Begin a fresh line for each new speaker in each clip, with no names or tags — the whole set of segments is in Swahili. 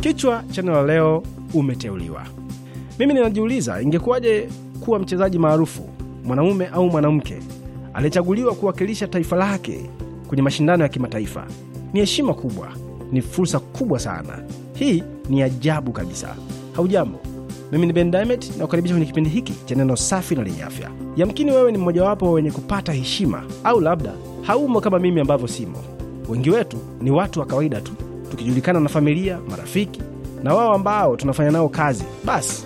Kichwa cha neno la leo, umeteuliwa. Mimi ninajiuliza ingekuwaje kuwa mchezaji maarufu mwanaume au mwanamke aliyechaguliwa kuwakilisha taifa lake kwenye mashindano ya kimataifa. Ni heshima kubwa, ni fursa kubwa sana. Hii ni ajabu kabisa. Haujambo, mimi ni Ben Diamond na kukaribisha kwenye kipindi hiki cha neno safi na lenye afya. Yamkini wewe ni mmojawapo wenye kupata heshima, au labda haumo kama mimi ambavyo simo. Wengi wetu ni watu wa kawaida tu tukijulikana na familia, marafiki na wao ambao tunafanya nao kazi. Basi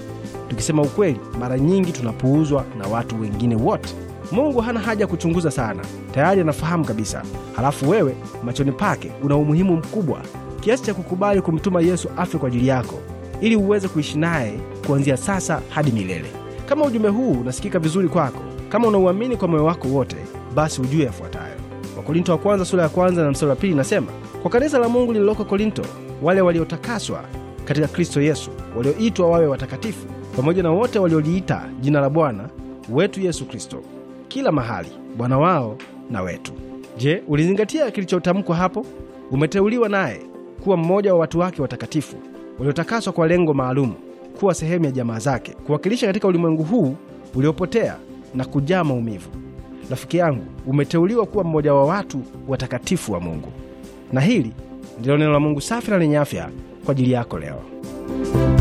tukisema ukweli, mara nyingi tunapuuzwa na watu wengine wote. Mungu hana haja kuchunguza sana, tayari anafahamu kabisa. Halafu wewe machoni pake una umuhimu mkubwa kiasi cha kukubali kumtuma Yesu afe kwa ajili yako ili uweze kuishi naye kuanzia sasa hadi milele. Kama ujumbe huu unasikika vizuri kwako, kama unauamini kwa moyo wako wote, basi ujue yafuatayo. Wakorinto wa kwanza sura ya kwanza na mstari wa pili inasema, kwa kanisa la Mungu lililoko Korinto, wale waliotakaswa katika Kristo Yesu, walioitwa wawe watakatifu, pamoja na wote walioliita jina la Bwana wetu Yesu Kristo, kila mahali Bwana wao na wetu. Je, ulizingatia kilichotamkwa hapo? Umeteuliwa naye kuwa mmoja wa watu wake watakatifu waliotakaswa kwa lengo maalumu, kuwa sehemu ya jamaa zake, kuwakilisha katika ulimwengu huu uliopotea na kujaa maumivu rafiki yangu, umeteuliwa kuwa mmoja wa watu watakatifu wa Mungu. Na hili ndilo neno la Mungu safi na lenye afya kwa ajili yako leo.